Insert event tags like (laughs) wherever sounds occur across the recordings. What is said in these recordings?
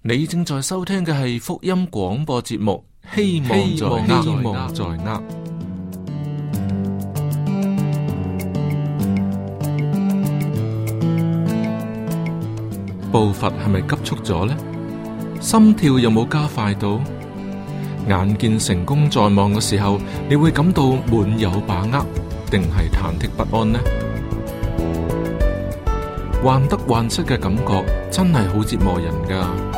你正在收聽嘅係福音廣播節目，希望希望在握。步伐係咪急促咗呢？心跳有冇加快到？眼見成功在望嘅時候，你會感到滿有把握，定係忐忑不安呢？患得患失嘅感覺真係好折磨人噶。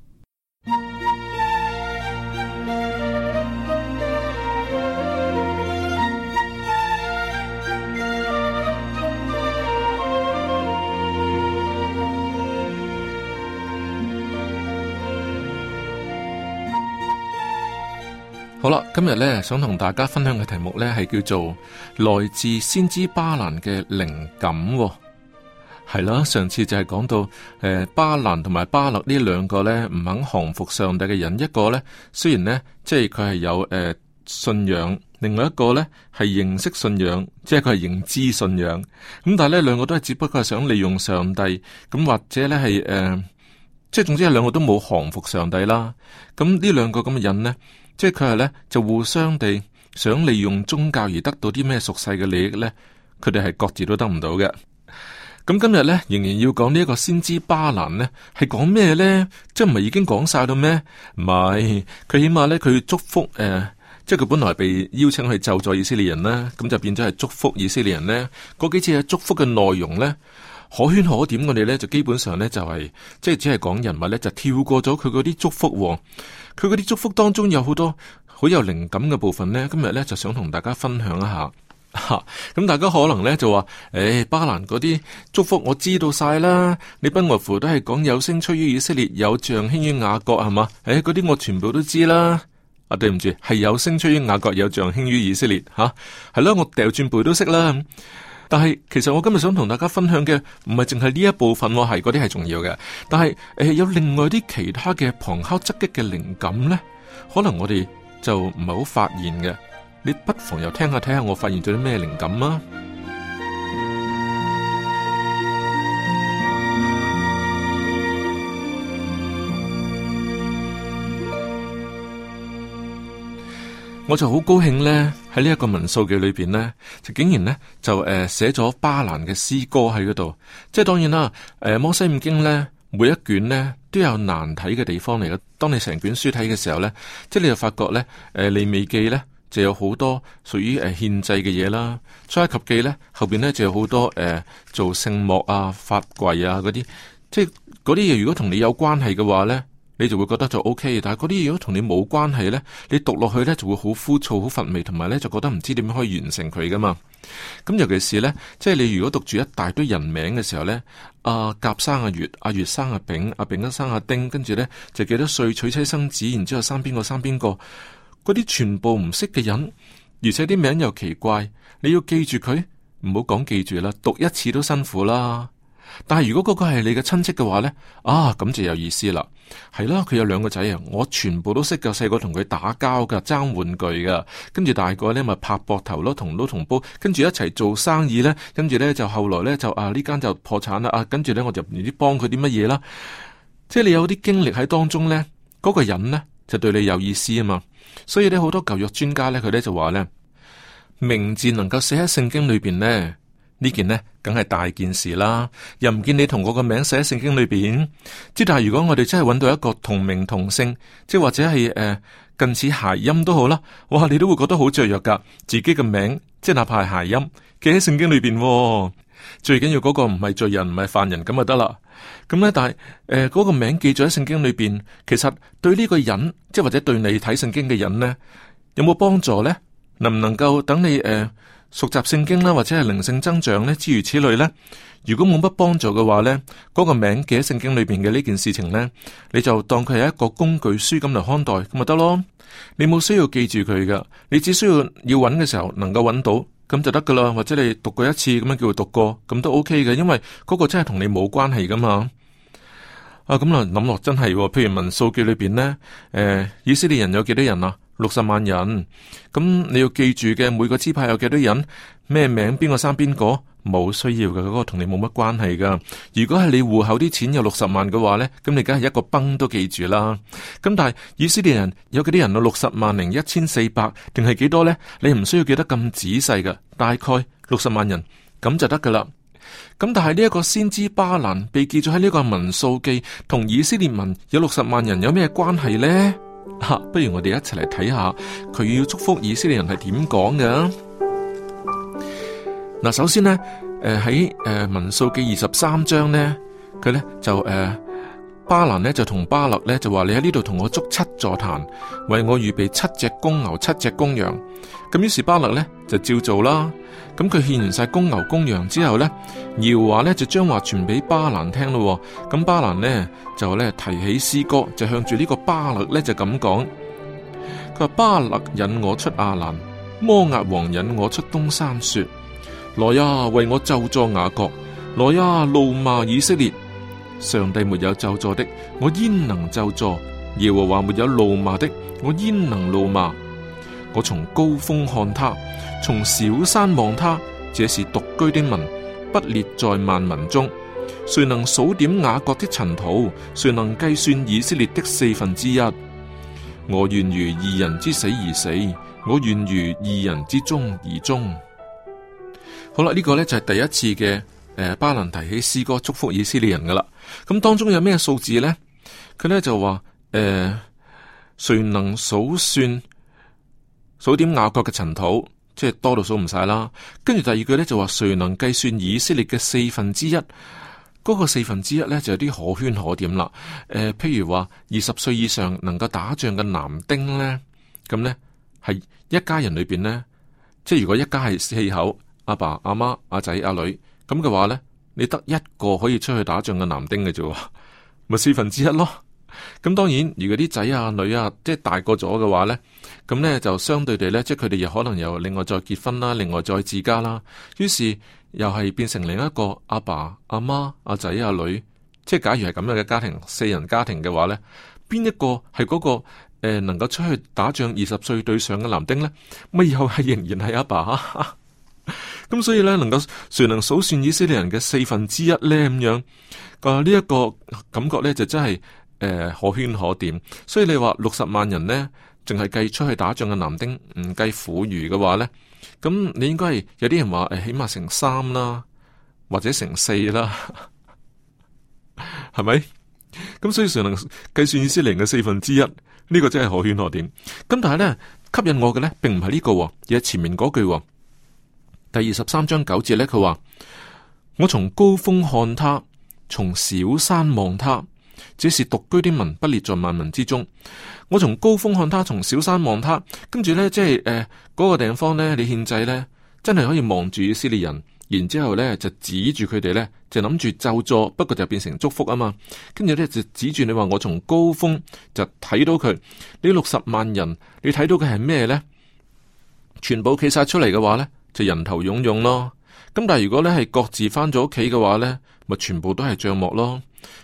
好啦，今日咧，想同大家分享嘅題目咧，係叫做來自先知巴蘭嘅靈感。係啦，上次就係講到誒，巴蘭同埋巴勒呢兩個咧唔肯降服上帝嘅人。一個咧，雖然咧即係佢係有誒信仰，另外一個咧係認識信仰，即係佢係認知信仰。咁但係呢兩個都係只不過係想利用上帝咁，或者咧係誒，即係總之係兩個都冇降服上帝啦。咁呢兩個咁嘅人咧。即係佢係咧就互相地想利用宗教而得到啲咩俗世嘅利益咧，佢哋係各自都得唔到嘅。咁今日咧仍然要講呢一個先知巴蘭咧係講咩咧？即係唔係已經講晒到咩？唔係，佢起碼咧佢祝福誒、呃，即係佢本來被邀請去咒詛以色列人啦，咁就變咗係祝福以色列人咧。嗰幾次嘅祝福嘅內容咧可圈可點呢，我哋咧就基本上咧就係、是、即係只係講人物咧就跳過咗佢嗰啲祝福。佢嗰啲祝福當中有好多好有靈感嘅部分呢。今日呢，就想同大家分享一下。咁、 (laughs) 嗯、大家可能呢，就話：，誒、哎，巴蘭嗰啲祝福我知道晒啦，你不外乎都係講有星出於以色列，有杖興於雅各係嘛？誒，嗰、哎、啲我全部都知啦。 (laughs) 啊，對唔住，係有星出於雅各，有杖興於以色列。吓、啊，係 (laughs) 咯，我掉轉背都識啦。但係，其實我今日想同大家分享嘅，唔係淨係呢一部分，我係嗰啲係重要嘅。但係，誒、呃、有另外啲其他嘅旁敲側擊嘅靈感咧，可能我哋就唔係好發現嘅。你不妨又聽下睇下，看看我發現咗啲咩靈感啊！我就好高興咧，喺呢一個民數記裏邊咧，就竟然咧就誒寫咗巴蘭嘅詩歌喺嗰度。即係當然啦，誒、呃、摩西五經咧每一卷咧都有難睇嘅地方嚟嘅。當你成卷書睇嘅時候咧，即係你就發覺咧，誒、呃、利未記咧就有好多屬於誒獻祭嘅嘢啦，出埃及記咧後邊咧就有好多誒、呃、做聖幕啊、法櫃啊嗰啲，即係嗰啲嘢如果同你有關係嘅話咧。你就會覺得就 OK，但係嗰啲如果同你冇關係呢，你讀落去呢就會好枯燥，好乏味，同埋呢就覺得唔知點樣可以完成佢噶嘛。咁，嗯、尤其是呢，即係你如果讀住一大堆人名嘅時候呢，啊甲生阿乙，阿乙生阿丙，阿丙生阿丁，跟住呢就幾多歲娶妻生子，然之後生邊個生邊個，嗰啲全部唔識嘅人，而且啲名又奇怪，你要記住佢，唔好講記住啦，讀一次都辛苦啦。但係如果嗰個係你嘅親戚嘅話呢，啊咁就有意思啦。係啦，佢有兩個仔啊，我全部都識噶。細個同佢打交噶，爭玩具噶，跟住大個呢咪拍膊頭咯，同撈同煲，跟住一齊做生意呢。跟住呢，就後來呢，就啊呢間就破產啦啊，跟住呢，我就唔知幫佢啲乜嘢啦。即係你有啲經歷喺當中呢，嗰、那個人呢，就對你有意思啊嘛。所以呢，好多舊約專家呢，佢呢就話呢：「名字能夠寫喺聖經裏邊呢。」呢件呢梗係大件事啦。又唔見你同我個名寫喺聖經裏邊。即係但係，如果我哋真係揾到一個同名同姓，即係或者係誒近似諧音都好啦。哇，你都會覺得好雀躍噶，自己嘅名，即係哪怕係諧音，記喺聖經裏邊。最緊要嗰個唔係罪人，唔係犯人咁就得啦。咁呢，但係誒嗰個名記咗喺聖經裏邊，其實對呢個人，即係或者對你睇聖經嘅人呢，有冇幫助呢？能唔能夠等你誒？呃熟習聖經啦，或者係靈性增長咧，諸如此類咧。如果冇乜幫助嘅話咧，嗰、那個名記喺聖經裏邊嘅呢件事情咧，你就當佢係一個工具書咁嚟看待咁咪得咯。你冇需要記住佢噶，你只需要要揾嘅時候能夠揾到咁就得噶啦。或者你讀過一次咁樣叫佢讀過，咁都 O K 嘅，因為嗰個真係同你冇關係噶嘛。啊，咁啊諗落真係，譬如民數記裏邊呢，誒、欸，以色列人有幾多人啊？六十萬人，咁你要記住嘅每個支派有幾多人，咩名邊個生邊個，冇需要嘅，嗰個同你冇乜關係噶。如果係你戶口啲錢有六十萬嘅話呢，咁你梗係一個崩都記住啦。咁但係以色列人有幾多人啊？六十萬零一千四百定係幾多呢？你唔需要記得咁仔細噶，大概六十萬人咁就得噶啦。咁但係呢一個先知巴蘭被記咗喺呢個民數記，同以色列民有六十萬人有咩關係呢？吓、啊，不如我哋一齊嚟睇下佢要祝福以色列人係點講嘅。嗱、啊，首先咧，誒喺誒民數記二十三章咧，佢咧就誒。呃巴蘭呢就同巴勒呢就話你喺呢度同我捉七座壇，為我預備七隻公牛、七隻公羊。咁於是巴勒呢就照做啦。咁佢獻完晒公牛公羊之後呢，耶和華呢就將話傳俾巴蘭聽咯。咁巴蘭呢就呢提起詩歌，就向住呢個巴勒呢就咁講。佢話巴勒引我出亞蘭，摩押王引我出東山，說：來呀，為我咒詛雅各；來呀，怒罵以色列。上帝沒有咒詛的，我焉能咒詛？耶和華沒有怒罵的，我焉能怒罵？我從高峰看他，從小山望他，這是獨居的民，不列在萬民中。誰能數點雅各的塵土？誰能計算以色列的四分之一？我願如二人之死而死，我願如二人之終而終。好啦，呢、這個呢就係、是、第一次嘅。誒，巴蘭提起詩歌祝福以色列人噶啦。咁、嗯、當中有咩數字呢？佢咧就話：誒、呃，誰能數算數點雅各嘅塵土？即係多到數唔晒啦。跟住第二句咧就話：誰能計算以色列嘅四分之一？嗰、那個四分之一咧就有啲可圈可點啦。誒、呃，譬如話二十歲以上能夠打仗嘅男丁咧，咁咧係一家人裏邊呢，即係如果一家係四口，阿爸，爸、阿媽、阿仔、阿女。咁嘅話呢，你得一個可以出去打仗嘅男丁嘅啫，咪、就是，四分之一咯。咁當然，如果啲仔啊女啊，女即係大個咗嘅話呢，咁呢就相對地呢，即係佢哋又可能又另外再結婚啦，另外再自家啦。於是又係變成另一個阿爸、阿媽、阿仔、阿女。即係假如係咁樣嘅家庭，四人家庭嘅話呢，邊一個係嗰、那個誒、呃、能夠出去打仗二十歲對上嘅男丁呢？咪又係仍然係阿爸，爸。呵呵咁所以咧，能夠誰能數算以色列人嘅四分之一呢？咁樣個呢一個感覺咧，就真係誒、呃、可圈可點。所以你話六十萬人呢，淨係計出去打仗嘅男丁，唔計婦孺嘅話咧，咁你應該係有啲人話誒、哎，起碼成三啦，或者成四啦，係 (laughs) 咪？咁、啊、所以誰能計算以色列人嘅四分之一？呢、這個真係可圈可點。咁但係咧，吸引我嘅咧，並唔係呢個，而係前面嗰句。第二十三章九節咧，佢話：我從高峰看他，從小山望他，只是獨居的民不列在萬民之中。我從高峰看他，從小山望他，跟住呢，即係誒，嗰個地方呢，你獻祭呢，真係可以望住以色列人，然之後咧就指住佢哋呢，就諗住咒詛，不過就變成祝福啊嘛。跟住呢，就指住你話我從高峰就睇到佢呢六十萬人，你睇到嘅係咩呢？全部企晒出嚟嘅話呢。就人頭湧湧咯，咁但係如果咧係各自翻咗屋企嘅話咧，咪全部都係帳幕咯。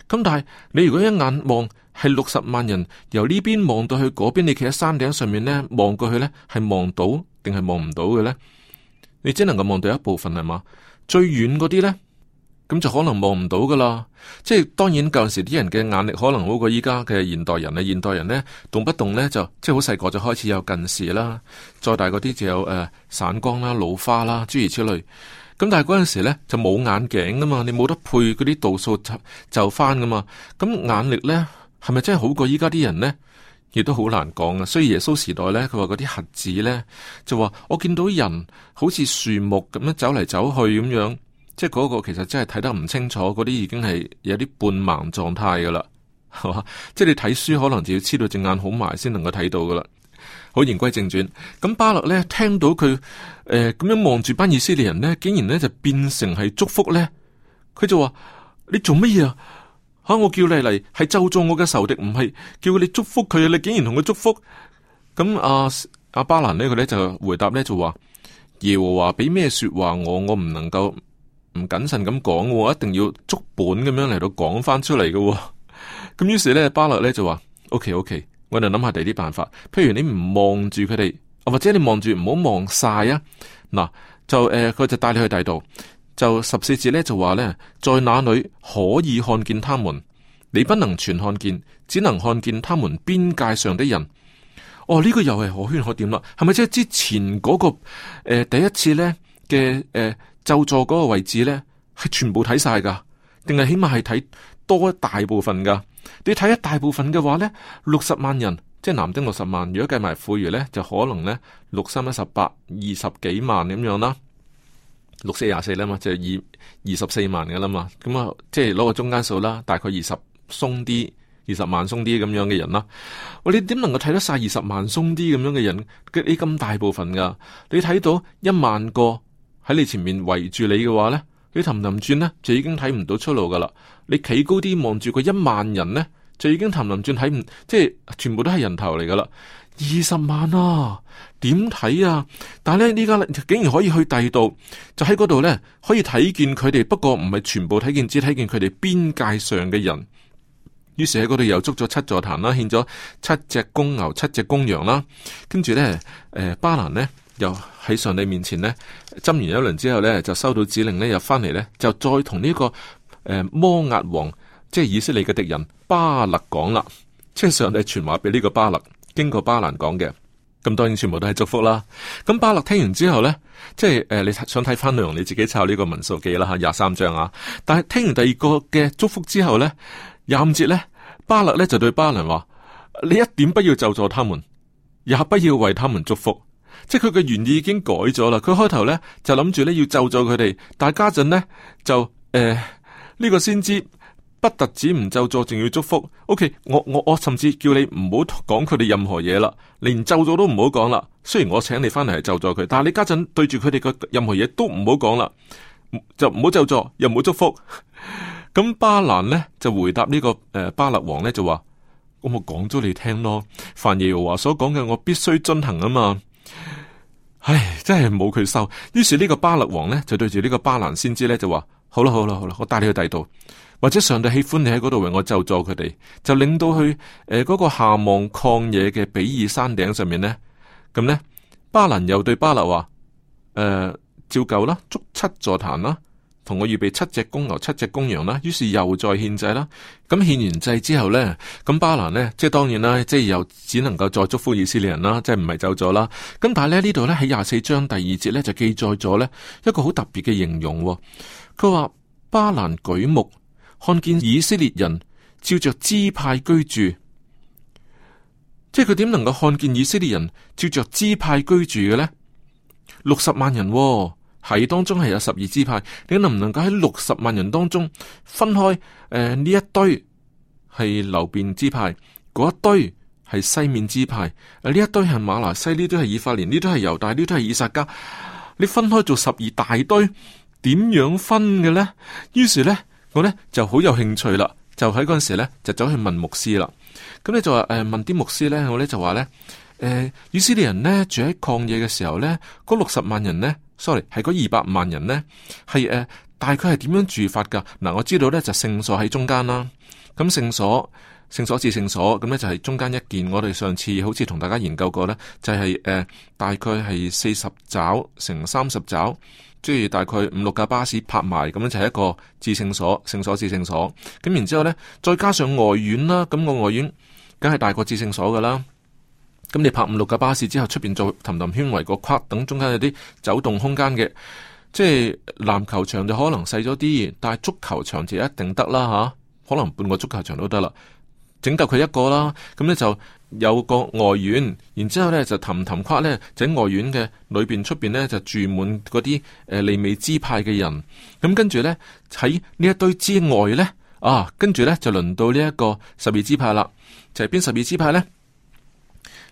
咁但係你如果一眼望係六十萬人，由呢邊望到去嗰邊，你企喺山頂上面咧，望過去咧，係望到定係望唔到嘅咧？你只能夠望到一部分係嘛？最遠嗰啲咧？.咁就可能望唔到噶啦，即係當然舊時啲人嘅眼力可能好過依家嘅現代人啊，現代人呢，動不動呢，就即係好細個就開始有近視啦，再大嗰啲就有誒、呃、散光啦、老花啦，諸如此類。咁但係嗰陣時呢就冇眼鏡噶嘛，你冇得配嗰啲度數就就翻噶嘛。咁眼力呢，係咪真係好過依家啲人呢？亦都好難講啊。所以耶穌時代呢，佢話嗰啲核子呢，就話我見到人好似樹木咁樣走嚟走去咁樣。即係嗰個其實真係睇得唔清楚，嗰啲已經係有啲半盲狀態噶啦，係 (laughs) 嘛？即係你睇書可能就要黐到隻眼好埋先能夠睇到噶啦。好，言歸正傳，咁巴勒咧聽到佢，誒咁樣望住班以色列人咧，竟然咧就變成係祝福咧，佢就話你做乜嘢啊？吓，我叫你嚟係咒詛我嘅仇敵，唔係叫你祝福佢啊！你竟然同佢祝福。咁阿阿巴蘭呢，佢咧就回答咧就話耶和華俾咩說話我，我唔能夠。唔謹慎咁講嘅，一定要足本咁樣嚟到講翻出嚟嘅。咁 (laughs) 於是咧，巴勒咧就話：OK，OK，Okay, okay, Okay, 我哋諗下第二啲辦法。譬如，你唔望住佢哋，或者你望住唔好望晒啊。嗱，就誒，佢、呃、就帶你去第度。就十四節咧就話咧，在哪裏可以看見他們？你不能全看見，只能看見他們邊界上的人。哦，呢、這個又係可圈可點啦。係咪即係之前嗰、那個誒、呃、第一次咧嘅誒？就座嗰個位置咧，係全部睇晒噶，定係起碼係睇多一大部分噶。你睇一大部分嘅話咧，六十萬人，即係南京六十萬，如果計埋富裕咧，就可能咧六三一十八二十幾萬咁樣啦，六四廿四啦嘛，就二二十四萬噶啦嘛。咁啊，即係攞個中間數啦，大概二十鬆啲，二十萬鬆啲咁樣嘅人啦。喂，你點能夠睇得晒二十萬鬆啲咁樣嘅人？你咁大部分噶，你睇到一萬個。喺你前面圍住你嘅話咧，你氹氹轉咧，就已經睇唔到出路噶啦。你企高啲望住嗰一萬人咧，就已經氹氹轉睇唔，即係全部都係人頭嚟噶啦。二十萬啊，點睇啊？但係咧，而家竟然可以去第二度，就喺嗰度咧可以睇見佢哋，不過唔係全部睇見，只睇見佢哋邊界上嘅人。於是喺嗰度又築咗七座壇啦，獻咗七隻公牛、七隻公羊啦。跟住咧，誒、呃，巴蘭呢。又喺上帝面前呢，斟完一輪之後呢，就收到指令呢，又翻嚟呢，就再同呢、這個誒、呃、摩押王，即係以色列嘅敵人巴勒講啦，即係上帝傳話俾呢個巴勒，經過巴蘭講嘅，咁當然全部都係祝福啦。咁巴勒聽完之後呢，即係誒、呃、你想睇翻內容，你自己抄呢個民數記啦吓廿三章啊。但係聽完第二個嘅祝福之後呢，廿五節呢，巴勒呢就對巴蘭話：你一點不要咒詛他們，也不要為他們祝福。即係佢嘅原意已經改咗啦，佢開頭咧就諗住咧要咒助佢哋，但係家陣咧就誒呢、呃這個先知不特止唔咒助，仲要祝福。O、okay, K，我我我甚至叫你唔好講佢哋任何嘢啦，連咒助都唔好講啦。雖然我請你翻嚟係咒助佢，但係你家陣對住佢哋嘅任何嘢都唔好講啦，就唔好咒助，又唔好祝福。咁 (laughs) 巴蘭咧就回答呢、這個誒、呃、巴勒王咧就話：咁我講咗你聽咯，凡耶和華所講嘅我必須進行啊嘛。唉，真係冇佢收。於是呢個巴勒王呢，就對住呢個巴蘭先知呢，就話：好啦，好啦，好啦，我帶你去第度，或者上帝喜歡你喺嗰度為我咒詛佢哋，就領到去誒嗰、呃那個下望曠野嘅比爾山頂上面呢。嗯」咁呢，巴蘭又對巴勒話：誒、呃，照舊啦，捉七座壇啦。同我預備七隻公牛，七隻公羊啦，於是又再獻祭啦。咁獻完祭之後呢，咁巴蘭呢，即係當然啦，即係又只能夠再祝福以色列人啦，即係唔係走咗啦。咁但係咧呢度呢，喺廿四章第二節呢，就記載咗呢一個好特別嘅形容喎。佢話巴蘭舉目看見以色列人照着支派居住，即係佢點能夠看見以色列人照着支派居住嘅呢？六十萬人喎。係當中係有十二支派，你能唔能夠喺六十萬人當中分開？誒、呃、呢一堆係流便支派，嗰一堆係西面支派，誒、呃、呢一堆係馬來西，呢堆係以法蓮，呢堆係猶大，呢堆係以撒加。你分開做十二大堆，點樣分嘅咧？於是咧，我咧就好有興趣啦，就喺嗰陣時咧就走去問牧師啦。咁你就話誒、呃、問啲牧師咧，我咧就話咧誒以色列人咧住喺曠野嘅時候咧，嗰六十萬人咧。Sorry，係嗰二百萬人呢，係誒、呃、大概係點樣住法㗎？嗱，我知道呢，就是、聖所喺中間啦。咁聖所、聖所至聖所，咁呢就係中間一件。我哋上次好似同大家研究過呢，就係、是、誒、呃、大概係四十爪乘三十爪，即係大概五六架巴士泊埋，咁樣就係一個至聖所、聖所至聖所。咁然之後呢，再加上外院啦，咁個外院梗係大過至聖所㗎啦。咁、嗯、你拍五六架巴士之後，出邊做氹氹圈圍個框，等中間有啲走動空間嘅。即係籃球場就可能細咗啲，但係足球場就一定得啦吓，啊，可能半個足球場都得啦，整夠佢一個啦。咁、嗯、咧就有個外院，然之後咧就氹氹框咧，喺外院嘅裏邊出邊咧就住滿嗰啲誒利未支派嘅人。咁、嗯、跟住咧喺呢一堆之外咧，啊，跟住咧就輪到呢一個十二支派啦，就係、是、邊十二支派咧？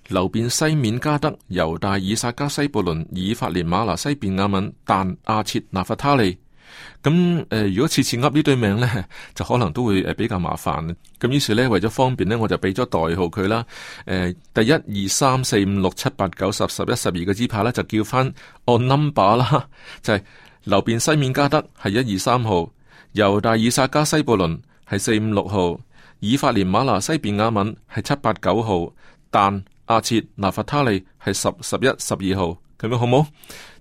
流便西面加德，猶大以撒加西布倫，以法蓮馬拿西，便雅敏、但、阿切、拿法他利。咁、嗯、誒，如果次次噏呢對名呢，就可能都會誒比較麻煩。咁於是呢，為咗方便呢，我就俾咗代號佢啦。誒、嗯，第一二三四五六七八九十十一十二個支派呢，就叫翻 onumber 啦，就係流便西面加德係一二三號，猶大以撒加西布倫係四五六號，以法蓮馬拿西便雅敏係七八九號，但。阿切、拿法他利係十、十一、十二號咁樣好冇？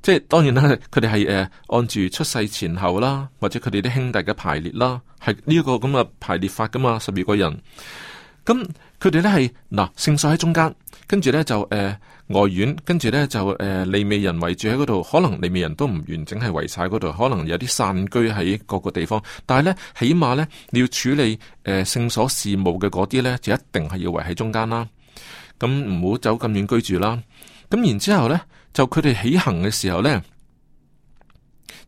即係當然啦，佢哋係誒按住出世前後啦，或者佢哋啲兄弟嘅排列啦，係呢個咁嘅排列法噶嘛。十二個人，咁佢哋咧係嗱聖所喺中間，跟住咧就誒、呃、外院，跟、呃、住咧就誒利未人圍住喺嗰度。可能利未人都唔完整係圍晒嗰度，可能有啲散居喺各個地方。但係咧起碼咧你要處理誒聖、呃、所事務嘅嗰啲咧，就一定係要圍喺中間啦。咁唔好走咁遠居住啦。咁然之後咧，就佢哋起行嘅時候呢，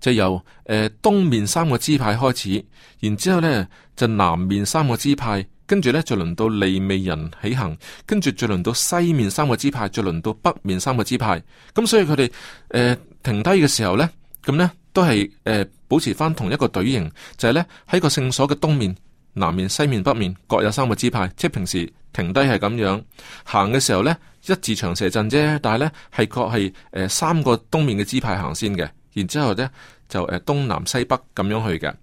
就由誒、呃、東面三個支派開始，然之後咧就南面三個支派，跟住呢，就輪到利未人起行，跟住再輪到西面三個支派，再輪到北面三個支派。咁所以佢哋誒停低嘅時候呢，咁呢，都係誒、呃、保持翻同一個隊形，就係、是、呢，喺個聖所嘅東面。南面、西面、北面各有三個支派，即係平時停低係咁樣行嘅時候呢，一字長蛇陣啫。但係呢，係確係誒三個東面嘅支派先行先嘅，然之後呢，就誒、呃、東南西北咁樣去嘅。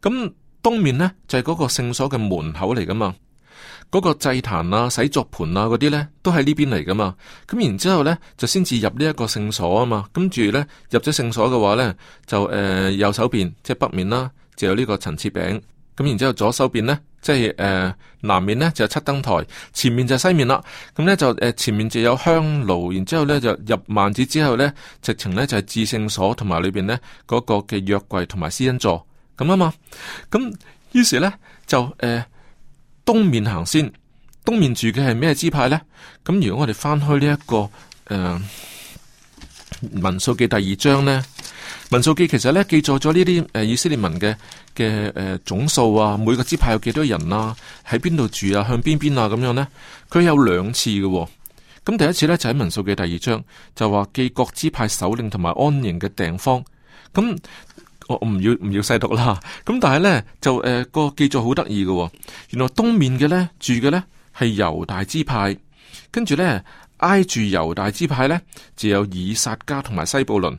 咁東面呢，就係、是、嗰個聖所嘅門口嚟噶嘛，嗰、那個祭壇啊、洗作盤啊嗰啲呢，都喺呢邊嚟噶嘛。咁然之後呢，就先至入呢一個聖所啊嘛。跟住呢，入咗聖所嘅話呢，就誒、呃、右手邊即係北面啦，就有呢個陳設餅。咁然之後左手邊呢，即係誒、呃、南面呢，就係、是、七燈台，前面就係西面啦。咁、嗯、呢，就誒、呃、前面就有香爐，然之後咧就入幔子之後呢，直情呢，就係至聖所，同埋裏邊呢嗰個嘅約櫃同埋施恩座咁啊嘛。咁、嗯、於是呢，就誒、呃、東面行先，東面住嘅係咩支派呢？咁、嗯、如果我哋翻開呢、這、一個誒、呃、民數記嘅第二章呢。民數記其實咧，記載咗呢啲誒，以色列民嘅嘅誒總數啊，每個支派有幾多人啊，喺邊度住啊，向邊邊啊，咁樣咧。佢有兩次嘅、哦，咁、嗯、第一次咧就喺民數記第二章，就話記各支派首領同埋安營嘅訂方。咁、嗯、我唔要唔要細讀啦。咁、嗯、但係咧就誒、呃、那個記載好得意嘅，原來東面嘅咧住嘅咧係猶大支派，跟住咧挨住猶大支派咧，就有以撒家同埋西布倫。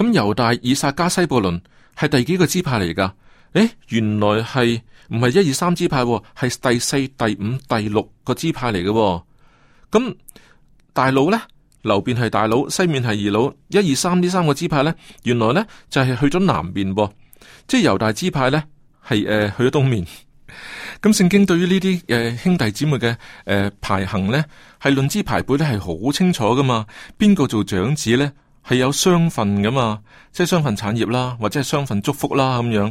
咁猶大以薩迦西布倫係第幾個支派嚟噶？誒，原來係唔係一二三支派，啊，係第四、第五、第六個支派嚟、啊、嘅。咁、嗯、大佬呢？南邊係大佬，西面係二佬，一二三呢三個支派呢，原來呢就係、是、去咗南面，啊，即係猶大支派呢，係誒、呃、去咗東面。咁 (laughs) 聖、嗯、經對於呢啲誒兄弟姊妹嘅誒、呃、排行咧，係論資排輩呢係好清楚噶嘛？邊個做長子呢？係有雙份噶嘛，即係雙份產業啦，或者係雙份祝福啦咁樣。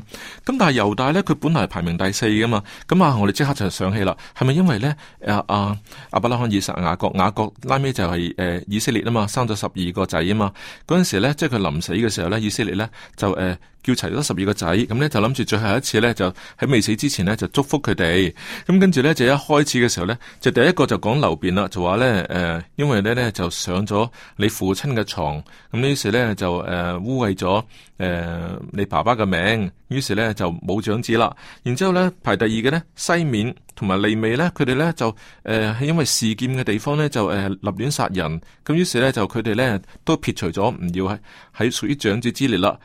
咁但係猶大咧，佢本嚟係排名第四噶嘛。咁啊，我哋即刻就想起啦。係咪因為咧？阿、啊、阿、啊、阿伯拉罕、以撒、雅各，雅各拉尾就係誒以色列啊嘛，生咗十二個仔啊嘛。嗰陣時咧，即係佢臨死嘅時候咧，以色列咧就誒、啊叫齊咗十二個仔，咁咧就諗住最後一次咧，就喺未死之前咧，就祝福佢哋。咁跟住咧就一開始嘅時候咧，就第一個就講流便啦，就話咧誒，因為咧咧就上咗你父親嘅床。咁於是咧就誒、呃、污穢咗誒你爸爸嘅名，於是咧就冇長子啦。然之後咧排第二嘅咧西面同埋利未咧，佢哋咧就誒係、呃、因為示劍嘅地方咧就誒立、呃、亂殺人，咁於是咧就佢哋咧都撇除咗唔要喺喺屬於長子之列啦。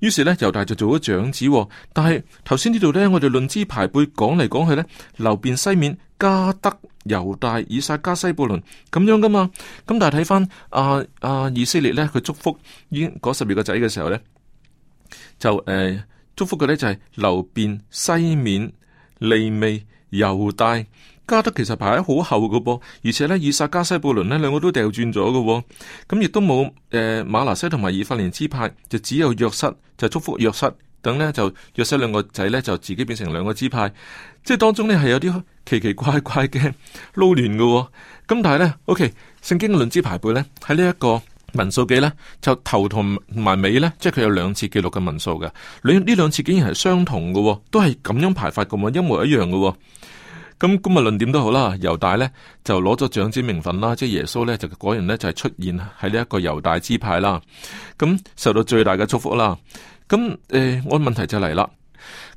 於是咧，猶大就做咗長子。但係頭先呢度咧，我哋論資排輩講嚟講去咧，流便、西面、加德、猶大、以撒加、西布倫咁樣噶嘛。咁但係睇翻啊、啊以色列咧，佢祝福呢嗰十二個仔嘅時候咧，就誒祝福佢咧就係流便、西面、利未、猶大。加德其實排喺好後嘅噃，而且咧以撒加西布倫呢兩個都掉轉咗嘅，咁亦都冇誒、呃、馬拿西同埋以法蓮支派，就只有約瑟，就祝福約瑟等咧就約瑟兩個仔咧就自己變成兩個支派，即係當中咧係有啲奇奇怪怪嘅撈亂嘅，咁但係咧，OK 聖經論資排輩咧喺呢一個民數記咧就頭同埋尾咧，即係佢有兩次記錄嘅民數嘅，兩呢兩次竟然係相同嘅，都係咁樣排法嘅嘛，一模一樣嘅。咁咁啊，論點都好啦，猶大咧就攞咗長子名份啦，即係耶穌咧就果然咧就係出現喺呢一個猶大支派啦，咁受到最大嘅祝福啦。咁誒、欸，我問題就嚟啦，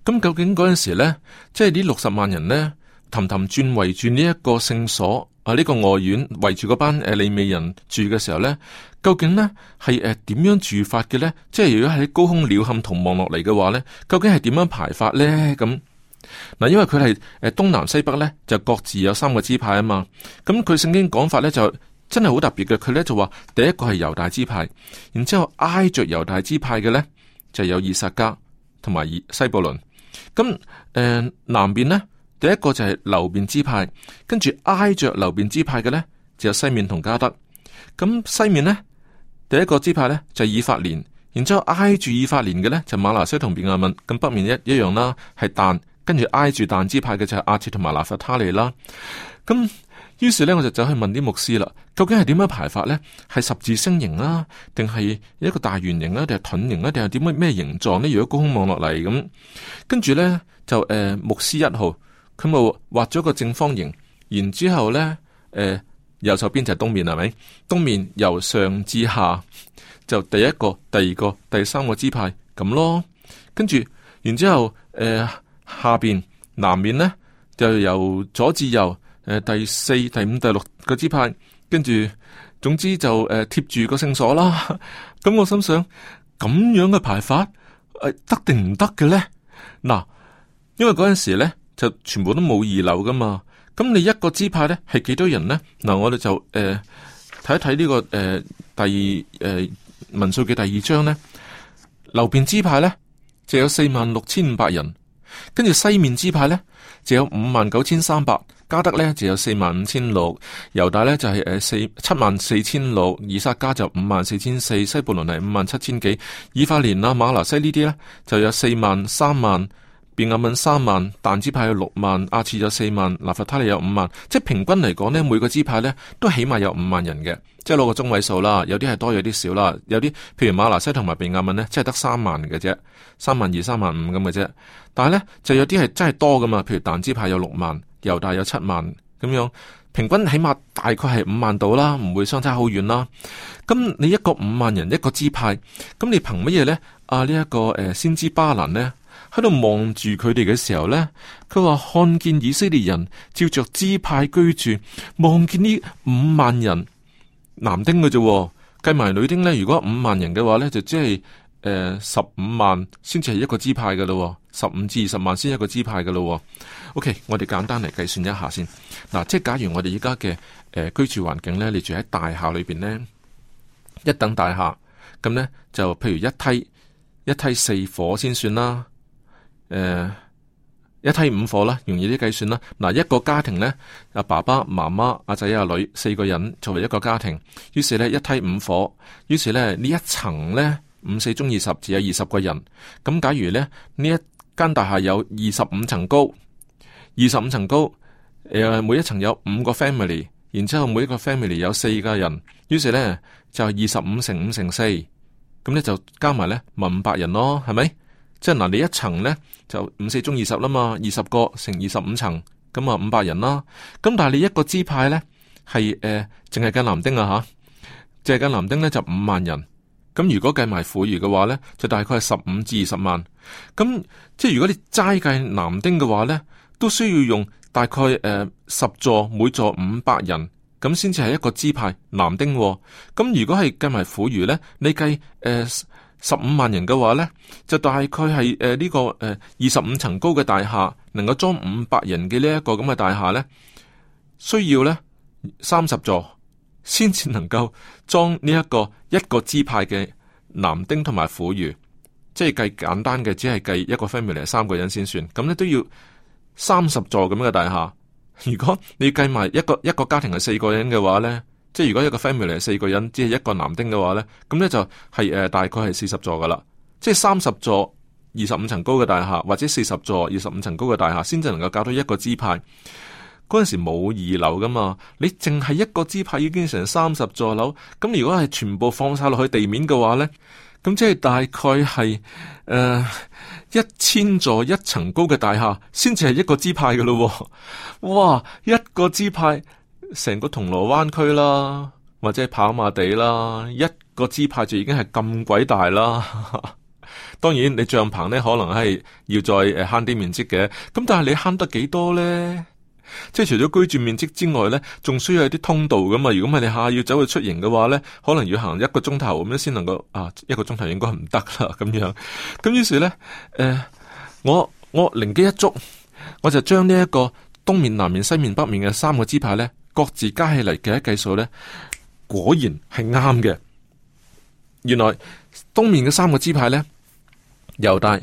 咁究竟嗰陣時咧，即係呢六十萬人咧，氹氹轉圍住呢一個聖所啊，呢、這個外院圍住個班誒、啊、利未人住嘅時候咧，究竟咧係誒點樣住法嘅咧？即係如果喺高空鳥瞰同望落嚟嘅話咧，究竟係點樣排法咧？咁，嗱，因為佢係誒，東南西北咧就各自有三個支派啊嘛。咁佢聖經講法咧就真係好特別嘅，佢咧就話第一個係猶大支派，然之後挨著猶大支派嘅咧就有以薩迦同埋以西布倫。咁誒、呃、南邊呢，第一個就係流便支派，跟住挨着流便支派嘅咧就有西面同迦得。咁西面呢，第一個支派咧就是以法蓮，然之後挨住以法蓮嘅咧就是瑪拿西同便雅憫。咁北面一一樣啦，係但。跟住挨住彈支派嘅就係阿設同埋拿弗他利啦，咁於是咧我就走去問啲牧師啦，究竟係點樣排法咧？係十字星形啦，啊，定係一個大圓形啦，啊，定係盾形啦，啊，定係點樣咩形狀咧？如果高空望落嚟咁，跟住咧就誒、呃，牧師一號佢咪畫咗個正方形，然之後咧誒、呃，右手邊就係東面係咪？東面由上至下就第一個、第二個、第三個支派咁咯，跟住然之後誒。呃下邊南面咧，就由左至右，誒、呃，第四、第五、第六個支派，跟住總之就誒貼、呃、住個聖所啦。咁、 (laughs) 嗯、我心想咁樣嘅排法誒、呃、得定唔得嘅咧？嗱，因為嗰陣時咧就全部都冇二樓噶嘛，咁你一個支派咧係幾多人咧？嗱，我哋就誒睇一睇呢個誒、呃、第二誒民數記嘅第二章咧，流便支派咧就有四萬六千五百人。跟住西面支派呢，就有五萬九千三百，加德呢，就有四萬五千六，猶大呢，就係誒四七萬四千六，以撒加就五萬四千四，西布倫係五萬七千幾，以法蓮啊馬拿西呢啲呢，就有四萬三萬。便雅憫三萬，但支派有六萬，亞設有四萬，拿弗他利有五萬，即係平均嚟講咧，每個支派咧都起碼有五萬人嘅，即係攞個中位數啦。有啲係多，有啲少啦。有啲譬如馬拿西同埋便雅憫呢，即係得三萬嘅啫，三萬二、三萬五咁嘅啫。但係呢，就有啲係真係多噶嘛。譬如但支派有六萬，猶大有七萬咁樣，平均起碼大概係五萬到啦，唔會相差好遠啦。咁你一個五萬人一個支派，咁你憑乜嘢呢？啊，呢、這、一個誒先知巴蘭呢。喺度望住佢哋嘅時候咧，佢話看見以色列人照着支派居住，望見呢五萬人男丁嘅啫，計埋女丁咧。如果五萬人嘅話咧，就即係誒十五萬先至係一個支派噶啦，十五至二十萬先一個支派噶啦。OK，我哋簡單嚟計算一下先嗱、啊，即係假如我哋而家嘅誒居住環境咧，你住喺大廈裏邊咧，一等大廈咁咧就譬如一梯一梯四火先算啦。誒，一梯五伙啦，容易啲計算啦。嗱，一個家庭呢，阿爸爸媽媽、阿仔阿女四個人，作為一個家庭，於是呢，一梯五伙，於是呢，呢一層呢，五四中二十，至有二十個人。咁假如呢，呢一間大廈有二十五層高，二十五層高，誒，每一層有五個 family，然之後每一個 family 有四個人，於是呢，就二十五乘五乘四，咁咧就加埋呢咪五百人咯，係咪？即係嗱，你一層咧就五四中二十啦嘛，二十個乘二十五層，咁啊，五百人啦。咁但係你一個支派咧，係，誒淨係計男丁啊吓，淨係計男丁咧就五萬人。咁如果計埋婦孺嘅話咧，就大概十五至二十萬。咁即係如果你齋計男丁嘅話咧，都需要用大概誒、呃、十座，每座五百人，咁先至係一個支派男丁、啊。咁如果係計埋婦孺咧，你計誒。呃十五萬人嘅話呢就大概係誒呢個誒二十五層高嘅大廈，能夠裝五百人嘅呢一個咁嘅大廈呢需要呢三十座，先至能夠裝呢一個一個支派嘅男丁同埋婦孺，即係計簡單嘅，只係計一個 family 嚟，三個人先算，咁呢都要三十座咁嘅大廈。如果你計埋一個一個家庭係四個人嘅話呢。即係如果一個 family 嚟，四個人，只係一個男丁嘅話呢，咁呢就係誒大概係四十座噶啦。即係三十座二十五層高嘅大廈，或者四十座二十五層高嘅大廈，先至能夠搞到一個支派。嗰陣時冇二樓噶嘛，你淨係一個支派已經成三十座樓。咁如果係全部放晒落去地面嘅話呢，咁即係大概係誒、呃、一千座一層高嘅大廈，先至係一個支派噶咯、啊。哇，一個支派。成個銅鑼灣區啦，或者跑馬地啦，一個支派就已經係咁鬼大啦。當然你帳篷呢，可能係要再誒，慳啲面積嘅。咁但係你慳得幾多呢？即係除咗居住面積之外呢，仲需要有啲通道噶嘛。如果咪你下要走去出營嘅話呢，可能要行一個鐘頭咁樣先能夠啊，一個鐘頭應該唔得啦咁樣。咁於是呢，誒、呃、我我靈機一觸，我就將呢一個東面、南面、西面、北面嘅三個支派呢，各自加起嚟計一計數咧，果然係啱嘅。原來東面嘅三個支派呢，猶大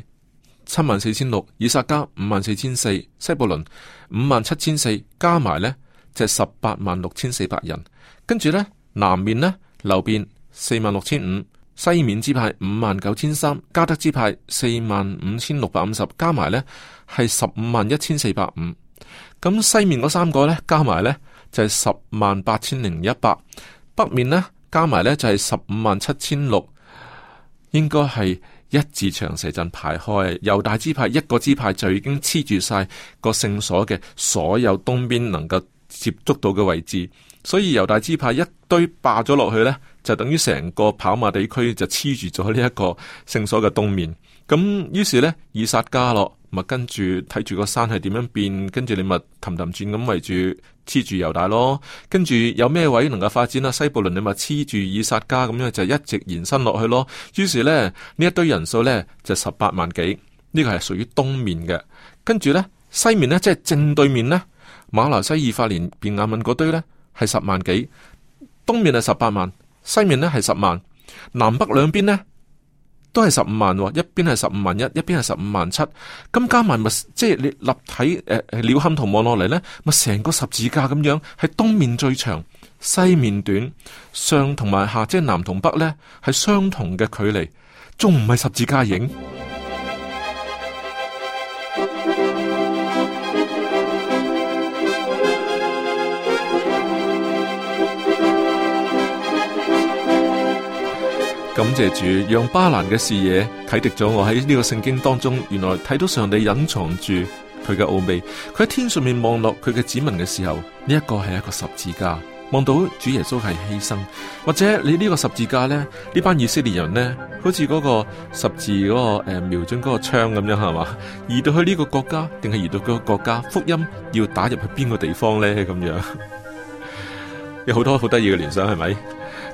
七萬四千六，以撒加五萬四千四，西布倫五萬七千四，加埋呢，就十八萬六千四百人。跟住呢，南面呢，流便四萬六千五，西面支派五萬九千三，加德支派四萬五千六百五十，加埋呢，係十五萬一千四百五。咁西面嗰三個呢，加埋呢。就係十萬八千零一百，北面呢，加埋呢，就係十五萬七千六，應該係一字長蛇陣排開。猶大支派一個支派就已經黐住晒個聖所嘅所有東邊能夠接觸到嘅位置，所以猶大支派一堆霸咗落去呢，就等於成個跑馬地區就黐住咗呢一個聖所嘅東面。咁於是呢，以撒加洛咪跟住睇住個山係點樣變，跟住你咪氹氹轉咁圍住。黐住猶大咯，跟住有咩位能夠發展啦？西布倫你咪黐住以撒加咁樣就一直延伸落去咯。於是呢，呢一堆人數呢，就十八萬幾，呢個係屬於東面嘅。跟住呢，西面呢，即係正對面呢，瑪拿西、以法蓮、便雅憫嗰堆呢，係十萬幾。東面係十八萬，西面呢係十萬，南北兩邊呢。都係十五萬，一邊係十五萬一，一邊係十五萬七。咁加埋咪，即係你立體誒誒鳥瞰圖望落嚟呢，咪、呃、成個十字架咁樣，係東面最長，西面短，上同埋下即係、就是、南同北呢，係相同嘅距離，仲唔係十字架形？感謝主，讓巴蘭嘅視野啟迪咗我喺呢個聖經當中，原來睇到上帝隱藏住佢嘅奧秘。佢喺天上面望落佢嘅指紋嘅時候，呢一個係一個十字架，望到主耶穌係犧牲。或者你呢個十字架咧，呢班以色列人咧，好似嗰個十字嗰、嗰個誒、呃、瞄準嗰個槍咁樣係嘛？移到去呢個國家，定係移到嗰個國家？福音要打入去邊個地方咧？咁樣 (laughs) 有好多好得意嘅聯想，係咪？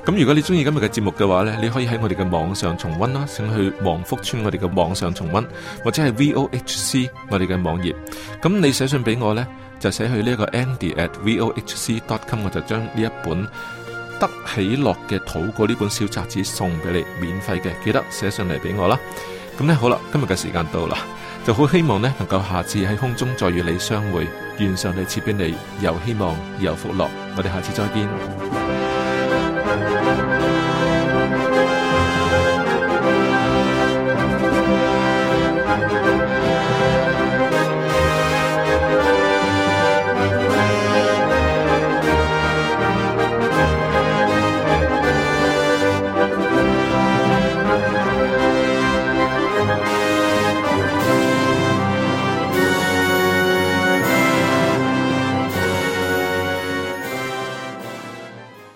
咁如果你中意今日嘅節目嘅話咧，你可以喺我哋嘅網上重溫啦，請去黃福村我哋嘅網上重溫，或者係 V O H C 我哋嘅網頁。咁你寫信俾我咧，就寫去呢一個 Andy at V O H C dot com，我就將呢一本得喜樂嘅土果呢本小冊子送俾你，免費嘅，記得寫上嚟俾我啦。咁咧好啦，今日嘅時間到啦，就好希望咧能夠下次喺空中再與你相會。願上帝賜俾你有希望，有福樂。我哋下次再見。